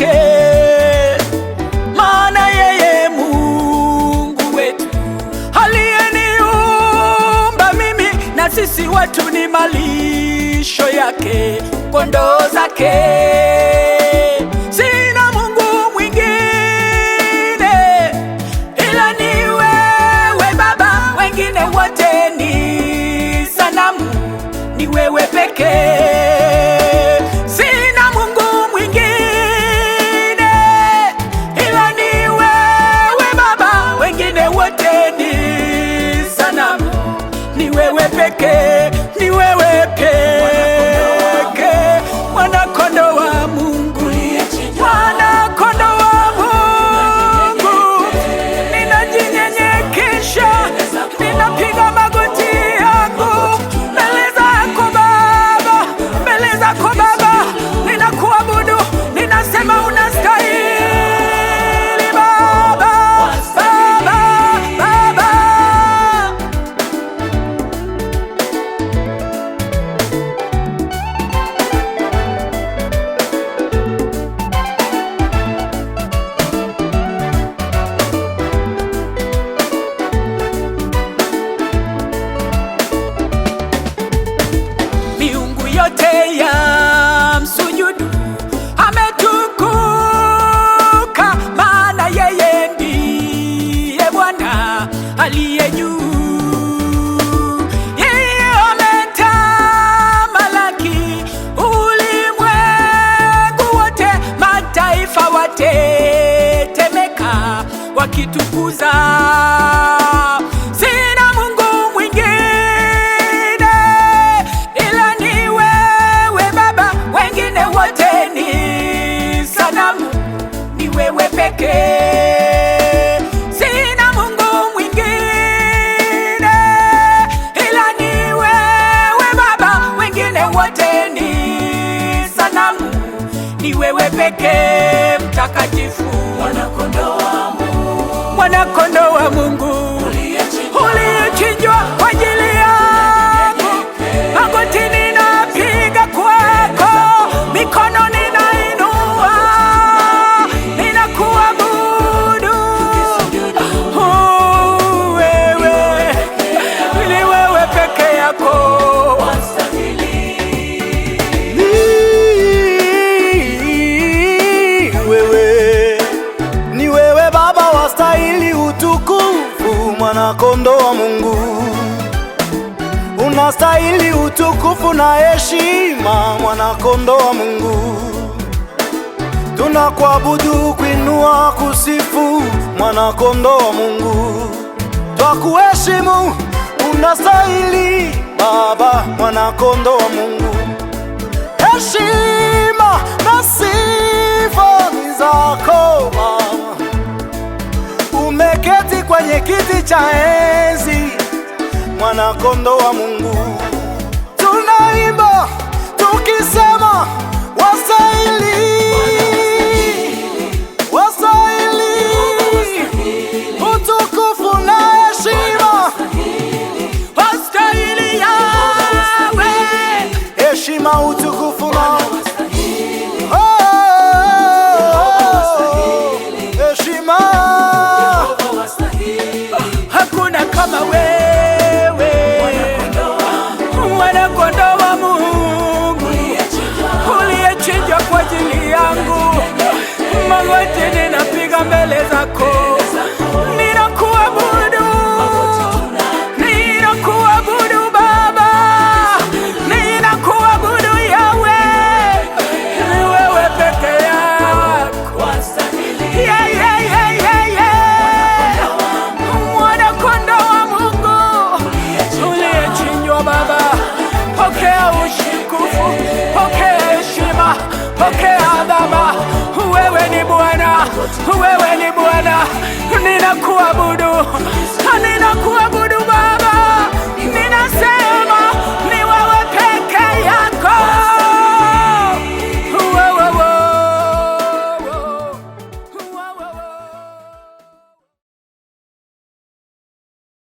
yake, maana yeye Mungu wetu aliyeniumba mimi na sisi watu ni malisho yake, kondoo zake. Sina Mungu mwingine ila ni wewe Baba, wengine wote ni sanamu, ni wewe pekee. make ni new. aliye juu, yeye ametamalaki ulimwengu wote. Mataifa watetemeka wakitukuza que Mwanakondoo wa Mungu, unastahili utukufu na heshima. Mwanakondoo wa Mungu, tunakuabudu, kuinua, kusifu. Mwanakondoo wa Mungu, twakuheshimu, unastahili Baba. Mwanakondoo wa Mungu, heshima kiti cha enzi, mwana kondo wa Mungu. Tunaimba tukisema wasaili Baba, wewe ni Bwana, wewe ni Bwana, ninakuabudu, ninakuabudu